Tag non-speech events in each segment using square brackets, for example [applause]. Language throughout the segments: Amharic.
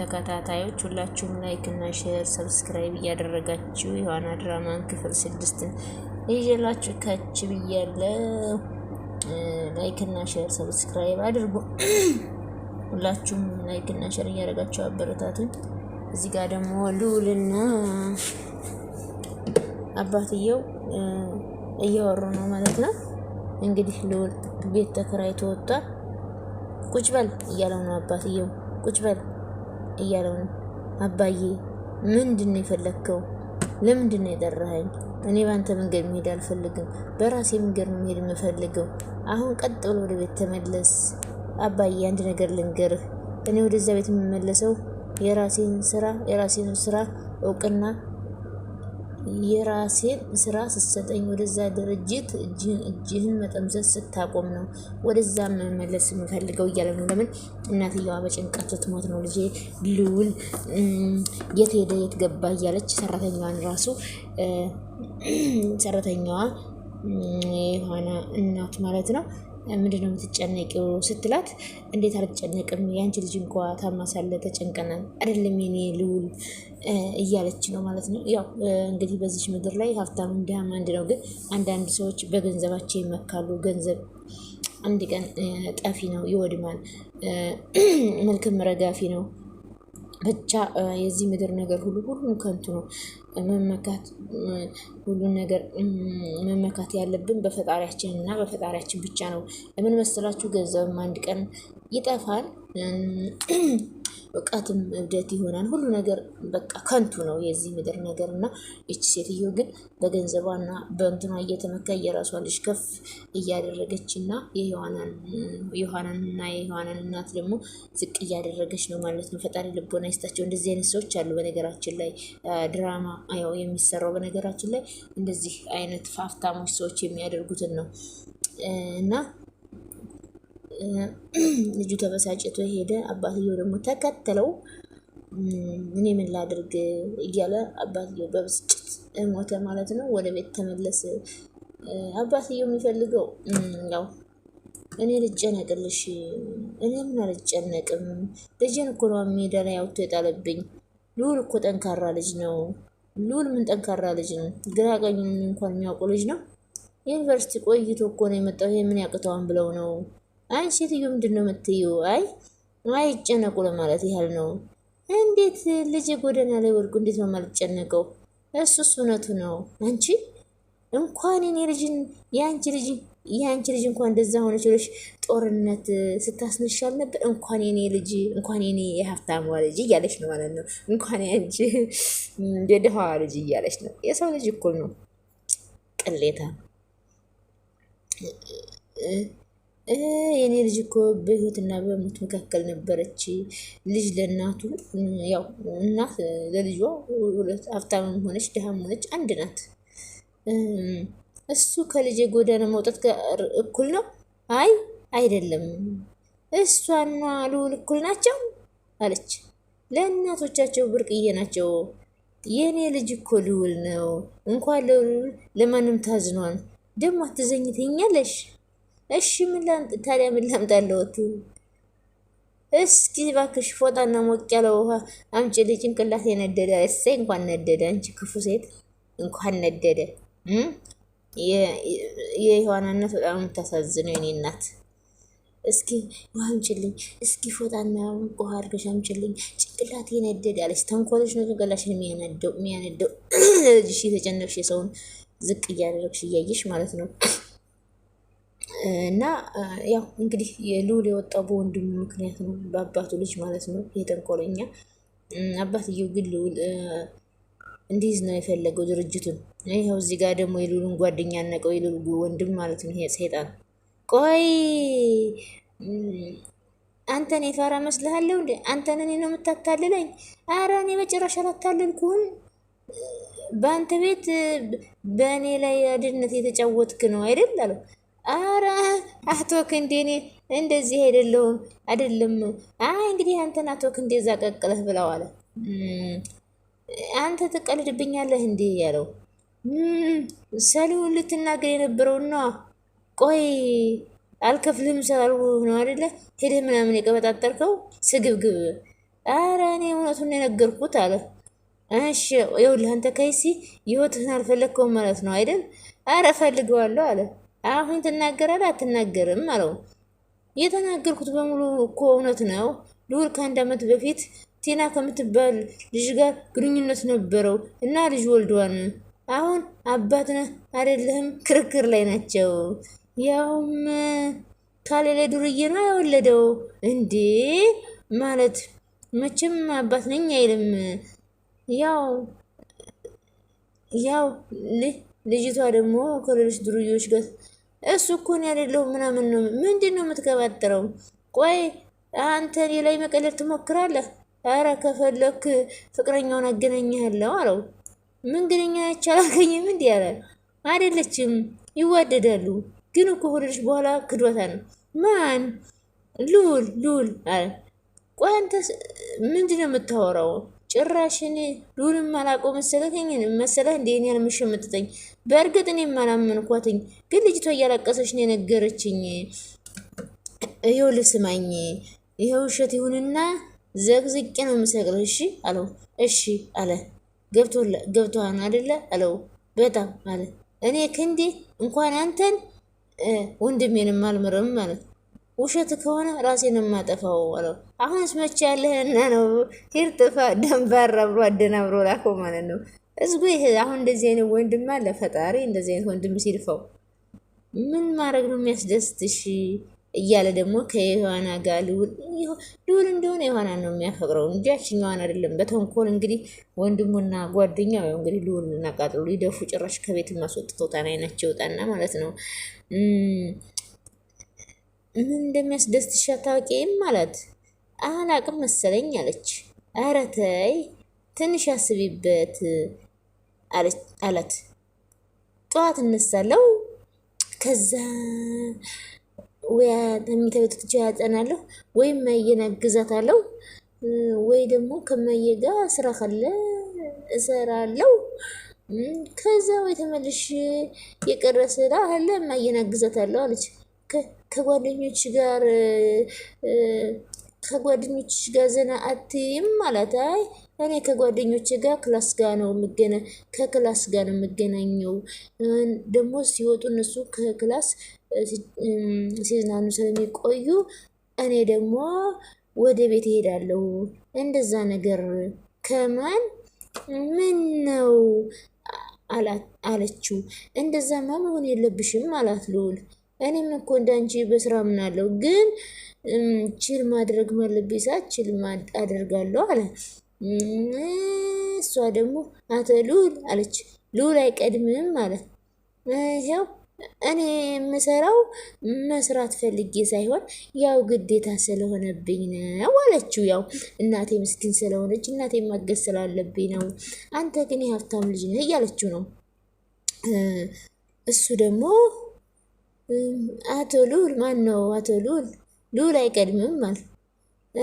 ተከታታዮች ሁላችሁም ላይክ እና ሼር ሰብስክራይብ እያደረጋችሁ የዋና ድራማን ክፍል ስድስትን ይዤላችሁ ከች ብያለሁ። ላይክ እና ሼር ሰብስክራይብ አድርጉ። ሁላችሁም ላይክ እና ሼር እያደረጋችሁ አበረታቱኝ። እዚህ ጋር ደግሞ ሉልና አባትየው እያወሩ ነው ማለት ነው። እንግዲህ ልዑል ቤት ተከራይቶ ወጣ። ቁጭ በል እያለው ነው አባትየው ቁጭ በል እያለው ነው። አባዬ ምንድን ነው የፈለግከው? ለምንድን ነው የጠራኸኝ? እኔ በአንተ መንገድ መሄድ አልፈልግም። በራሴ መንገድ መሄድ የምፈልገው። አሁን ቀጥ ብሎ ወደ ቤት ተመለስ። አባዬ አንድ ነገር ልንገርህ። እኔ ወደዚያ ቤት የምመለሰው የራሴን ስራ የራሴን ስራ እውቅና የራሴን ስራ ስትሰጠኝ ወደዛ ድርጅት እጅህን መጠምዘዝ ስታቆም ነው ወደዛ መመለስ የምፈልገው እያለ ነው። ለምን እናትየዋ በጭንቀት ትሞት ነው ልጄ ልውል የት ሄደ የት ገባ እያለች ሰራተኛዋን ራሱ ሰራተኛዋ የሆነ እናት ማለት ነው ምንድን ነው የምትጨነቂው ስትላት፣ እንዴት አልጨነቅም የአንቺ ልጅ እንኳ ታማሳለ ተጨንቀናል አይደለም የኔ ልውል እያለች ነው ማለት ነው። ያው እንግዲህ በዚች ምድር ላይ ሀብታም እንዲያም አንድ ነው። ግን አንዳንድ ሰዎች በገንዘባቸው ይመካሉ። ገንዘብ አንድ ቀን ጠፊ ነው፣ ይወድማል። መልክም ረጋፊ ነው። ብቻ የዚህ ምድር ነገር ሁሉ ሁሉም ከንቱ ነው። መመካት ሁሉን ነገር መመካት ያለብን በፈጣሪያችን እና በፈጣሪያችን ብቻ ነው። ለምን መሰላችሁ? ገንዘብም አንድ ቀን ይጠፋል። እውቀትም እብደት ይሆናል። ሁሉ ነገር በቃ ከንቱ ነው የዚህ ምድር ነገር እና እች ሴትዮ ግን በገንዘቧና በእንትኗ እየተመካ የራሷ ልጅ ከፍ እያደረገች እና የዮሐናንና የዮሐናን እናት ደግሞ ዝቅ እያደረገች ነው ማለት ነው። ፈጣሪ ልቦና ይስጣቸው። እንደዚህ አይነት ሰዎች አሉ። በነገራችን ላይ ድራማ ያው የሚሰራው በነገራችን ላይ እንደዚህ አይነት ፋፍታሞች ሰዎች የሚያደርጉትን ነው እና [clears throat] ልጁ ተበሳጭቶ ሄደ። አባትየው ደግሞ ተከተለው እኔ ምን ላድርግ እያለ አባትየው በብስጭት ሞተ ማለት ነው። ወደ ቤት ተመለስ። አባትየው የሚፈልገው ያው እኔ ልጨነቅልሽ፣ እኔ ምን አልጨነቅም፣ ልጄን እኮ ነው ሜዳ ላይ አውጥቶ የጣለብኝ። ልዑል እኮ ጠንካራ ልጅ ነው። ልዑል ምን ጠንካራ ልጅ ነው? ግራ ቀኙን እንኳን የሚያውቁ ልጅ ነው። ዩኒቨርሲቲ ቆይቶ እኮ ነው የመጣው። ይሄ ምን ያቅተዋን ብለው ነው አይ ሴትዮ ምንድን ነው የምትዩ? አይ አይ ይጨነቁ ለማለት ያህል ነው። እንዴት ልጅ ጎዳና ላይ ወድቁ እንዴት ነው የማልጨነቀው? እሱስ እውነቱ ነው። አንቺ እንኳን እኔ ልጅን የአንቺ ልጅ የአንቺ ልጅ እንኳን እንደዛ ሆነች ብለሽ ጦርነት ስታስነሻል ነበር። እንኳን የኔ ልጅ እንኳን የኔ ዋ ልጅ እያለች ነው ማለት ነው። እንኳን ያንቺ የድሃዋ ልጅ እያለች ነው። የሰው ልጅ እኩል ነው። ቅሌታ የኔ ልጅ እኮ በህይወትና በሞት መካከል ነበረች። ልጅ ለእናቱ ያው እናት ለልጇ ሀብታምም ሆነች ድሃም ሆነች አንድ ናት። እሱ ከልጅ ጎዳና መውጣት ጋር እኩል ነው? አይ አይደለም፣ እሷና ልዑል እኩል ናቸው አለች። ለእናቶቻቸው ብርቅዬ ናቸው። የእኔ ልጅ እኮ ልውል ነው። እንኳን ለማንም ታዝኗል። ደግሞ አትዘኝ ትኛለሽ እሺ ምን ላምጥ ታዲያ? ምን ላምጣለሁት? እስኪ እባክሽ ፎጣና ሞቅ ያለ ውሃ ልጅ ጭንቅላት የነደደ እሰይ፣ እንኳን ነደደ። አንቺ ክፉ ሴት እንኳን ነደደ። የዮሐና እናት በጣም የምታሳዝነው የኔ እናት። እስኪ ውሃ አምጪልኝ፣ እስኪ ፎጣና ሞቅ ውሃ አድርገሽ አምጪልኝ። ጭንቅላት የነደደ አለች። ተንኮለሽ ነው ጭንቅላሽን የሚያነደው የሚያነደው። [clears throat] ልጅሽ የተጨነቅሽ የሰውን ዝቅ እያደረግሽ እያየሽ ማለት ነው [clears throat] እና ያው እንግዲህ ልዑል የወጣው በወንድሙ ምክንያት ነው፣ በአባቱ ልጅ ማለት ነው። የተንኮለኛ አባትየው ግን ልውል እንዲይዝ ነው የፈለገው ድርጅቱን። ይኸው እዚህ ጋር ደግሞ የልዑልን ጓደኛ ነቀው፣ የልዑል ወንድም ማለት ነው። ይሄ ሰይጣን ቆይ አንተን የፈራ መስልሃለሁ እንዴ? አንተን እኔ ነው የምታታልለኝ? አረ እኔ በጭራሽ አላታልልኩም። በአንተ ቤት በእኔ ላይ አድነት የተጫወትክ ነው አይደል አለው። አረ አቶ ክንዴ እንደዚህ አይደለሁም አይደለም። አይ እንግዲህ አንተን አቶ ክንዴ እዛ ቀቅለህ ብለው አለ። አንተ ትቀልድብኛለህ እንዴ ያለው ሰሊውን ልትናገር የነበረውና ቆይ አልከፍልህም ስላልኩ ነው አይደለ? ሄደህ ምናምን የቀበጣጠርከው ስግብግብ። አረ እኔ እውነቱን የነገርኩት አለ። እሺ ይኸውልህ አንተ ከይሲ ህይወትህን አልፈለግከውም ማለት ነው አይደል? አረ እፈልገዋለሁ አለ አሁን ትናገራለህ አትናገርም አለው። የተናገርኩት በሙሉ እኮ እውነት ነው ልዑል ከአንድ ዓመት በፊት ቲና ከምትባል ልጅ ጋር ግንኙነት ነበረው እና ልጅ ወልዷን። አሁን አባት ነህ አይደለህም ክርክር ላይ ናቸው። ያውም ካሌለ ዱርዬ ነው የወለደው እንዴ ማለት መቼም አባት ነኝ አይልም። ያው ያው ልጅቷ ደግሞ ከሌሎች ዱርዬዎች ጋር እሱ እኮ እኔ አይደለሁም ምናምን ነው። ምንድን ነው የምትገባጥረው? ቆይ አንተ እኔ ላይ መቀለል ትሞክራለህ? አረ ከፈለክ ፍቅረኛውን አገናኝሃለሁ አለው። ምን ግንኛ አላገኝም እንዲህ አለ። አይደለችም ይዋደዳሉ፣ ግን እኮ ሆነች በኋላ ክዶታ ነው። ማን ሉል ሉል አለ። ቆይ አንተ ምንድን ነው የምታወራው? ጭራሽን ሉልም አላውቀው መሰለኝ መሰለህ እንደ እኔ አልመሸመጥጠኝ በእርግጥ እኔ የማላመንኳትኝ ግን ልጅቷ እያለቀሰች ነው የነገረችኝ። ይኸው ልስማኝ፣ ይኸው ውሸት ይሁንና ዘግዝቄ ነው የምሰቅልህ። እሺ አለው። እሺ አለ። ገብቶሃል አደለ አለው። በጣም አለ። እኔ ክንዴ እንኳን አንተን ወንድሜንም አልምርም ማለት ውሸት ከሆነ ራሴን የማጠፋው አለው። አሁንስ መቼ ያለህና ነው? ሂድ ጥፋ። ደንባራ ብሎ አደናብሮ ላኮ ማለት ነው። እዝጉ ይህ አሁን እንደዚህ አይነት ወንድም አለ። ፈጣሪ እንደዚህ አይነት ወንድም ሲልፈው ምን ማድረግ ነው የሚያስደስትሽ? እያለ ደግሞ ከዮሐና ጋር ልውል እንደሆነ ዮሐና ነው የሚያፈቅረው እንጂ ያችኛዋን አይደለም። በተንኮል እንግዲህ ወንድሙና ጓደኛው እንግዲህ ልውል እናቃጥሉ ሊደፉ ጭራሽ ከቤት ማስወጥተውታን አይናቸው ይወጣና ማለት ነው። ምን እንደሚያስደስትሽ አታውቂም ማለት አላቅም መሰለኝ አለች። ኧረ ተይ ትንሽ ያስቢበት አላት። ጠዋት እነሳለሁ ከዛ ወይ ተኝታ ቤት ወጥቼ ያጠናለሁ ወይም እማዬን አግዛታለሁ ወይ ደግሞ ከማዬ ጋር ስራ ካለ እሰራለሁ። ከዛ ወይ ተመልሽ የቀረ ስራ አለ እማዬን አግዛታለሁ አለች። ከጓደኞች ጋር ከጓደኞች ጋር ዘና አትይም ማለት? አይ እኔ ከጓደኞች ጋር ክላስ ጋር ነው የምገና ከክላስ ጋር ነው የምገናኘው። ደግሞ ሲወጡ እነሱ ከክላስ ሲዝናኑ ስለሚቆዩ እኔ ደግሞ ወደ ቤት እሄዳለሁ። እንደዛ ነገር ከማን ምን ነው አለችው። እንደዛማ መሆን የለብሽም አላት ልዑል እኔም እኮ እንዳንቺ በስራ ምናለው ግን ችል ማድረግ ማለብኝ ሰዓት ችል አደርጋለሁ አለ። እሷ ደግሞ አተ ሉል አለች። ሉል አይቀድምም አለ። ይኸው እኔ የምሰራው መስራት ፈልጌ ሳይሆን ያው ግዴታ ስለሆነብኝ ነው አለችው። ያው እናቴ ምስኪን ስለሆነች እናቴ ማገዝ ስላለብኝ ነው። አንተ ግን የሀብታም ልጅ ነህ እያለችው ነው። እሱ ደግሞ አቶ ሉል ማን ነው? አቶ ሉል ሉል አይቀድምም አለ።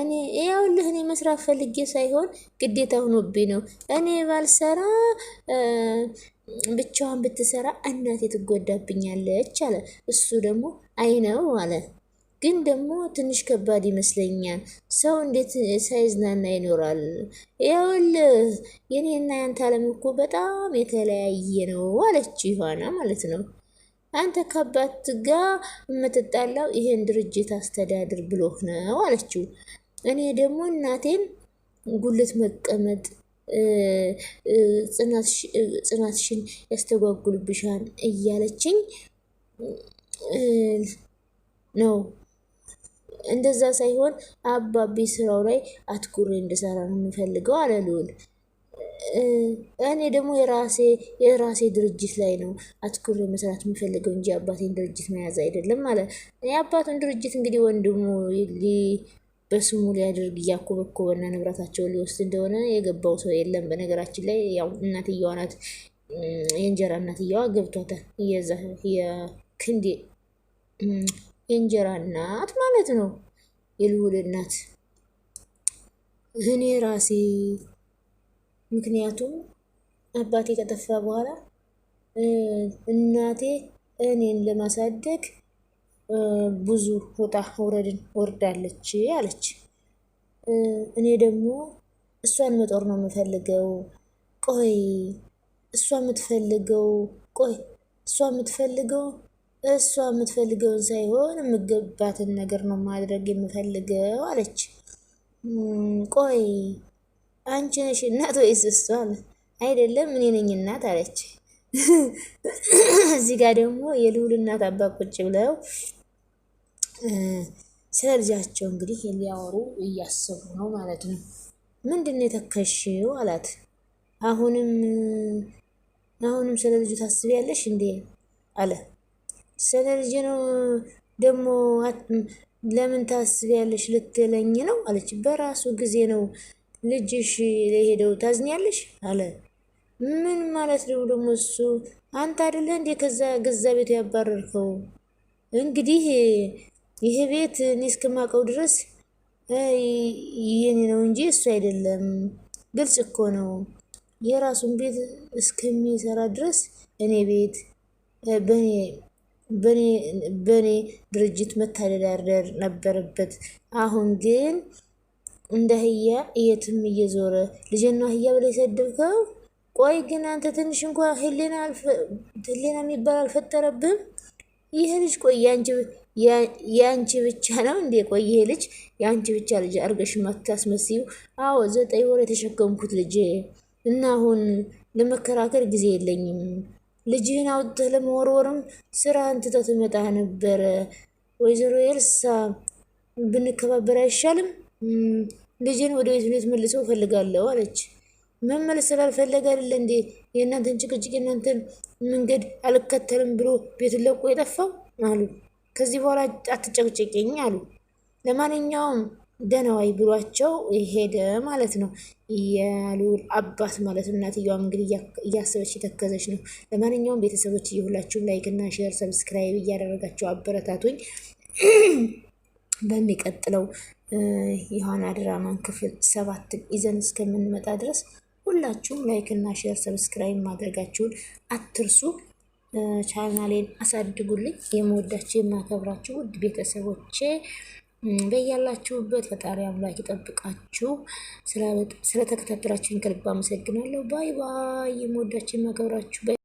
እኔ ይኸውልህ እኔ መስራት ፈልጌ ሳይሆን ግዴታ ሆኖብኝ ነው። እኔ ባልሰራ ብቻዋን ብትሰራ እናቴ ትጎዳብኛለች አለ። እሱ ደግሞ አይነው አለ። ግን ደግሞ ትንሽ ከባድ ይመስለኛል። ሰው እንዴት ሳይዝናና ይኖራል? ይኸውልህ የኔና ያንተ ዓለም እኮ በጣም የተለያየ ነው አለች ዮሐና ማለት ነው። አንተ ከአባት ጋር የምትጣላው ይሄን ድርጅት አስተዳድር ብሎህ ነው አለችው። እኔ ደግሞ እናቴን ጉልት መቀመጥ ጽናትሽን ያስተጓጉልብሻል እያለችኝ ነው። እንደዛ ሳይሆን አባቤ ስራው ላይ አትኩሬ እንድሰራ ነው የምፈልገው አለ ልዑል። እኔ ደግሞ የራሴ የራሴ ድርጅት ላይ ነው አትኩር መስራት የምፈልገው እንጂ አባቴን ድርጅት መያዝ አይደለም ማለት የአባቱን ድርጅት እንግዲህ ወንድሙ በስሙ ሊያደርግ እያኮበኮበና ንብረታቸውን ሊወስድ እንደሆነ የገባው ሰው የለም። በነገራችን ላይ ያው እናትየዋ ናት የእንጀራ እናትየዋ ገብቷታል። የክንዴ የእንጀራ እናት ማለት ነው የልውል እናት እኔ ራሴ ምክንያቱም አባቴ ከጠፋ በኋላ እናቴ እኔን ለማሳደግ ብዙ ወጣ ውረድን ወርዳለች አለች። እኔ ደግሞ እሷን መጦር ነው የምፈልገው። ቆይ እሷ የምትፈልገው ቆይ እሷ የምትፈልገው እሷ የምትፈልገውን ሳይሆን የምገባትን ነገር ነው ማድረግ የምፈልገው አለች። ቆይ አንቺ ነሽ እናት ወይስ እሷ? አይደለም እኔ ነኝ እናት አለች። እዚህ ጋር ደግሞ የልዑል እናት አባት ቁጭ ብለው ስለ ልጃቸው እንግዲህ የሚያወሩ እያሰቡ ነው ማለት ነው። ምንድን ነው የተከሽው አላት። አሁንም አሁንም ስለ ልጁ ታስቢያለሽ እንዴ አለ። ስለ ልጅ ነው ደግሞ ለምን ታስቢያለሽ ልትለኝ ነው አለች። በራሱ ጊዜ ነው ልጅሽ ለሄደው ታዝኛለሽ አለ። ምን ማለት ነው ደግሞ እሱ? አንተ አይደለህ እንዴ ከዛ ገዛ ቤቱ ያባረርከው? እንግዲህ ይሄ ቤት እኔ እስከማውቀው ድረስ የኔ ነው እንጂ እሱ አይደለም። ግልጽ እኮ ነው። የራሱን ቤት እስከሚሰራ ድረስ እኔ ቤት በእኔ ድርጅት መታደዳደር ነበረበት። አሁን ግን እንደ አህያ የትም እየዞረ ልጅና አህያ ብለ ሰድብከው። ቆይ ግን አንተ ትንሽ እንኳ ህሊና የሚባል አልፈጠረብህም? ይህ ልጅ ቆይ የአንቺ ብቻ ነው እንዴ? ቆይ ይሄ ልጅ የአንቺ ብቻ ልጅ አርገሽ ማታስመስዩ? አዎ ዘጠኝ ወር የተሸከምኩት ልጅ እና አሁን ለመከራከር ጊዜ የለኝም። ልጅህን አውጥተህ ለመወርወርም ስራ ትተህ ትመጣ ነበረ። ወይዘሮ ኤልሳ ብንከባበር አይሻልም? ልጅን ወደ ቤት ቤት መልሰው እፈልጋለሁ አለች። መመለስ ስላልፈለገ አይደለ እንዴ የእናንተን ጭቅጭቅ የእናንተን መንገድ አልከተልም ብሎ ቤቱን ለቆ የጠፋው አሉ። ከዚህ በኋላ አትጨቅጭቅኝ አሉ። ለማንኛውም ደነዋይ ብሏቸው ሄደ ማለት ነው፣ የልዑል አባት ማለት ነው። እናትየዋም እንግዲህ እያሰበች የተከዘች ነው። ለማንኛውም ቤተሰቦች እየሁላችሁም ላይክና ሼር፣ ሰብስክራይብ እያደረጋቸው አበረታቱኝ [clears throat] በሚቀጥለው የዋና ድራማን ክፍል ሰባት ይዘን እስከምንመጣ ድረስ ሁላችሁም ላይክ እና ሼር ሰብስክራይብ ማድረጋችሁን አትርሱ። ቻናሌን አሳድጉልኝ። የምወዳችሁ የማከብራችሁ ውድ ቤተሰቦቼ በያላችሁበት ፈጣሪ አምላክ ይጠብቃችሁ። ስለተከታተላችሁኝ ከልብ አመሰግናለሁ። ባይ ባይ። የምወዳችሁ የማከብራችሁ